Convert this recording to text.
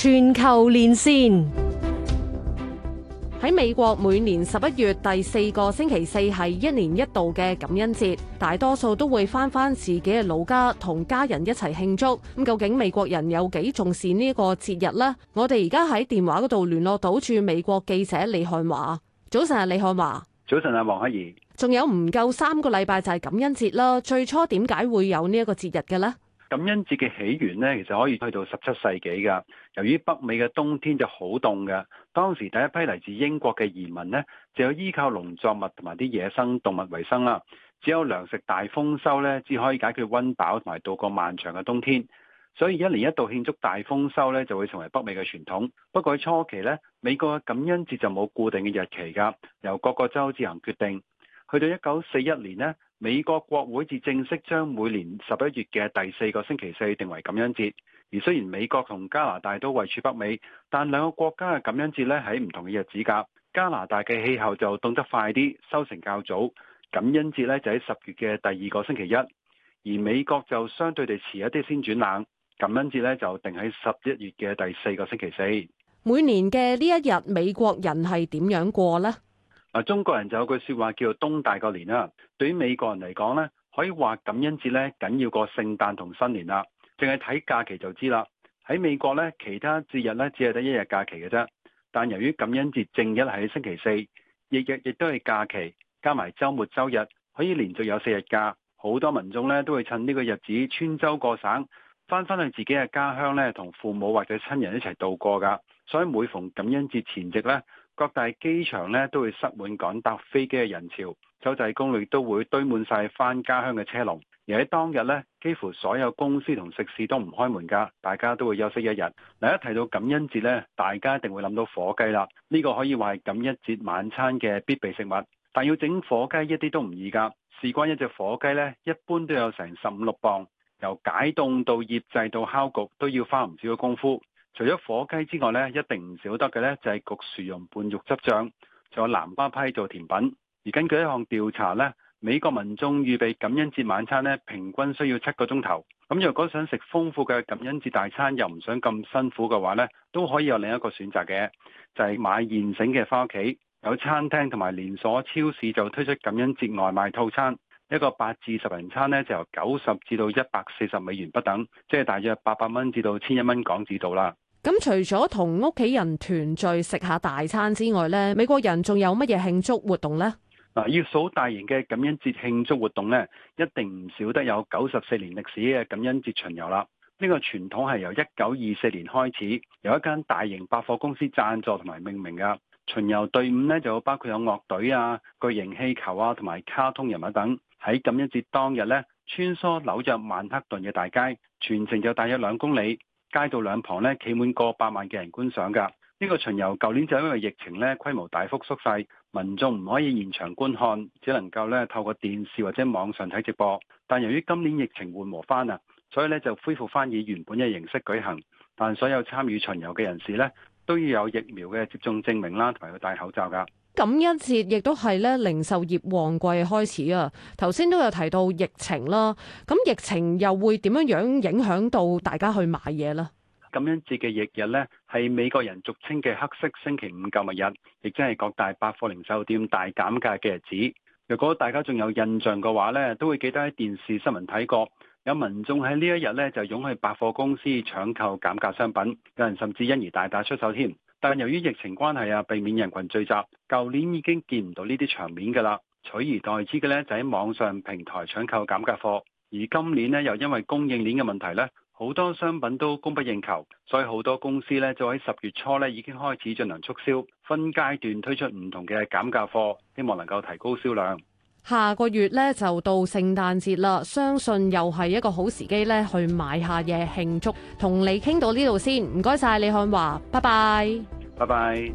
全球連線喺美國，每年十一月第四個星期四係一年一度嘅感恩節，大多數都會返返自己嘅老家，同家人一齊慶祝。咁究竟美國人有幾重視呢個節日呢？我哋而家喺電話嗰度聯絡到駐美國記者李漢華。早晨啊，李漢華。早晨啊，黃凱宜。仲有唔夠三個禮拜就係感恩節啦。最初點解會有呢一個節日嘅呢？感恩節嘅起源呢，其實可以去到十七世紀噶。由於北美嘅冬天就好凍噶，當時第一批嚟自英國嘅移民呢，就有依靠農作物同埋啲野生動物為生啦。只有糧食大豐收呢，先可以解決温飽同埋度過漫長嘅冬天。所以一年一度慶祝大豐收呢，就會成為北美嘅傳統。不過喺初期呢，美國嘅感恩節就冇固定嘅日期噶，由各個州自行決定。去到一九四一年呢，美國國會至正式將每年十一月嘅第四個星期四定為感恩節。而雖然美國同加拿大都位處北美，但兩個國家嘅感恩節咧喺唔同嘅日子噶加拿大嘅氣候就凍得快啲，收成較早，感恩節咧就喺十月嘅第二個星期一。而美國就相對地遲一啲先轉冷，感恩節咧就定喺十一月嘅第四個星期四。每年嘅呢一日，美國人係點樣過呢？中國人就有句説話叫做冬大過年啦。對於美國人嚟講咧，可以話感恩節咧緊要過聖誕同新年啦，淨係睇假期就知啦。喺美國咧，其他節日咧只係得一日假期嘅啫。但由於感恩節正日係星期四，日日亦都係假期，加埋周末周日，可以連續有四日假。好多民眾咧都會趁呢個日子穿州過省，翻返去自己嘅家鄉咧同父母或者親人一齊度過㗎。所以每逢感恩節前夕呢。各大機場咧都會塞滿趕搭飛機嘅人潮，州際公路都會堆滿晒返家鄉嘅車龍。而喺當日咧，幾乎所有公司同食肆都唔開門㗎，大家都會休息一日。嗱，一提到感恩節咧，大家一定會諗到火雞啦。呢個可以話係感恩節晚餐嘅必備食物，但要整火雞一啲都唔易㗎。事關一隻火雞咧，一般都有成十五六磅，由解凍到醃製到烤焗，都要花唔少嘅功夫。除咗火雞之外咧，一定唔少得嘅咧就係焗薯蓉拌肉汁醬，仲有南瓜批做甜品。而根據一項調查咧，美國民眾預備感恩節晚餐咧，平均需要七個鐘頭。咁若果想食豐富嘅感恩節大餐，又唔想咁辛苦嘅話咧，都可以有另一個選擇嘅，就係買現成嘅翻屋企。有餐廳同埋連鎖超市就推出感恩節外賣套餐，一個八至十人餐咧，就由九十至到一百四十美元不等，即係大約八百蚊至到千一蚊港紙度啦。咁除咗同屋企人團聚食下大餐之外咧，美國人仲有乜嘢慶祝活動咧？嗱，要數大型嘅感恩節慶祝活動咧，一定唔少得有九十四年歷史嘅感恩節巡遊啦。呢個傳統係由一九二四年開始，由一間大型百貨公司贊助同埋命名噶。巡遊隊伍咧就包括有樂隊啊、巨型氣球啊同埋卡通人物等，喺感恩節當日咧穿梭紐約曼克頓嘅大街，全程就大約兩公里。街道兩旁咧，企滿過百萬嘅人觀賞㗎。呢個巡遊舊年就因為疫情咧，規模大幅縮細，民眾唔可以現場觀看，只能夠咧透過電視或者網上睇直播。但由於今年疫情緩和翻啊，所以咧就恢復翻以原本嘅形式舉行。但所有參與巡遊嘅人士呢，都要有疫苗嘅接種證明啦，同埋要戴口罩㗎。感恩節亦都係咧零售業旺季開始啊！頭先都有提到疫情啦，咁疫情又會點樣影響到大家去買嘢呢？感恩節嘅翌日呢，係美國人俗稱嘅黑色星期五購物日，亦即係各大百貨零售店大減價嘅日子。如果大家仲有印象嘅話呢，都會記得喺電視新聞睇過，有民眾喺呢一日呢就湧去百貨公司搶購減價商品，有人甚至因而大打出手添。但由於疫情關係啊，避免人群聚集，舊年已經見唔到呢啲場面㗎啦。取而代之嘅咧就喺網上平台搶購減價貨，而今年呢，又因為供應鏈嘅問題咧，好多商品都供不應求，所以好多公司咧就喺十月初咧已經開始進行促銷，分階段推出唔同嘅減價貨，希望能夠提高銷量。下個月咧就到聖誕節啦，相信又係一個好時機咧，去買下嘢慶祝。同你傾到呢度先，唔該晒，李漢華，拜拜。拜拜。